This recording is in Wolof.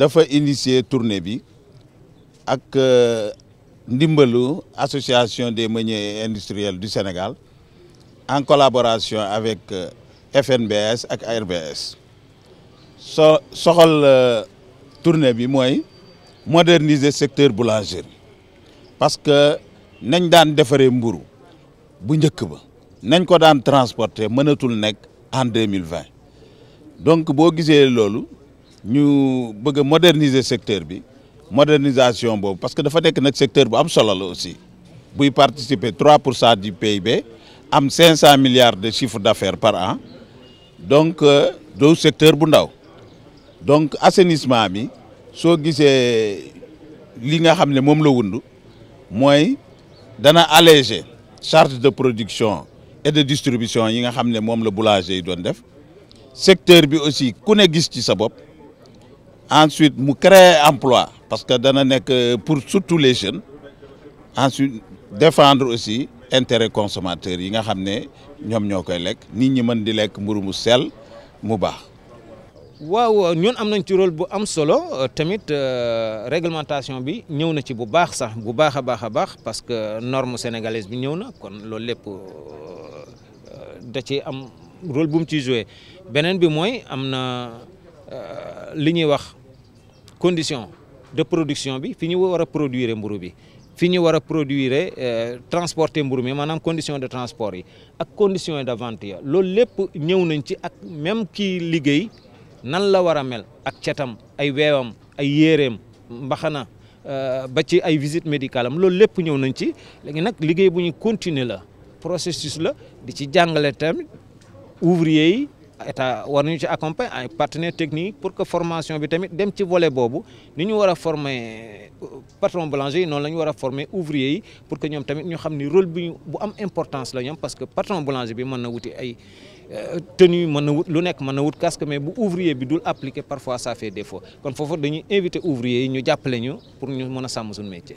dafa initier tournée bi ak euh, ndimbalu association des meuniers industriels du Sénégal en collaboration avec euh, FNBS ak ARBS so soxal euh, tournée bi mooy moderniser secteur boulangerie parce que nañ daan defaree mburu bu njëkk ba nañ ko daan transporter mënatul nekk en deux mille vingt donc boo gisee loolu. ñu bëgg a moderniser secteur bi modernisation boobu parce que dafa nekk nag secteur bu am solo la aussi buy participer trois pour cent du PIB am 500 milliards de chiffre d'affaires par an donc euh, doo secteur bu ndaw donc assainissement bi soo gisee li nga xam ne moom la wund mooy dana alléger charge de production et de distribution yi nga xam ne moom la boulanger yi doon def secteur bi aussi ku ne gis ci sa bopp ensuite mu créer emploi parce que dana nekk pour surtout les jeunes ensuite défendre aussi intérêt consommateur yi nga xam ne ñoom ñoo koy lekk nit ñi mën di lekk mburu mu sell mu baax waaw ñun am nañ ci rôle bu am solo tamit euh, réglementation bi ñëw na ci bu baax sax bu baax a baax a baax parce que norme sénégalaise bi ñëw na kon loolu lépp euh, da ci am rôle bum ci ciy beneen bi mooy am na euh, li ñuy wax condition de production bi fi ñu war a produire mburu bi fi ñu war a produire euh, transporter mburu mi maanaam condition de transport yi ak condition de vente loolu lépp ñëw nañ ci ak même kii liggéey nan la war a mel ak cetam ay weewam ay yéreem mbaxana euh, ba ci ay visite médicale loolu lépp ñëw nañ ci léegi nag liggéey bu ñu continuer la processus la di ci jàngale tamit yi état war nañu ci accompagner ay partenaires techniques pour que formation bi tamit dem ci vole boobu ni ñu war a former euh, patron boulanger yi noonu la ñu war a former ouvrier yi pour que ñoom tamit ñu xam ni rôle bi bu am importance la ñoom parce que patron boulanger bi mën na wuti ay euh, tenue mën na wut lu nekk mën na wut casque mais bu ouvrier bi dul appliquer parfois ça fait défaut kon foofu dañuy inviter ouvrier yi ñu jàppale ñu pour ñu mën a sàmm suñu métier.